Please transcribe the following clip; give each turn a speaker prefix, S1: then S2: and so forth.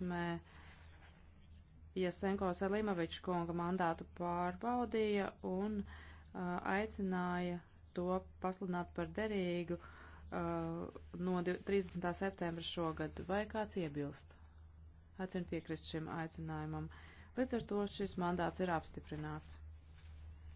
S1: sanāksmē Jasenko Selimoviča kunga mandātu pārbaudīja un uh, aicināja to pasludināt par derīgu uh, no 30. septembra šogad. Vai kāds iebilst? Aicinu piekrist šim aicinājumam. Līdz ar to šis mandāts ir apstiprināts.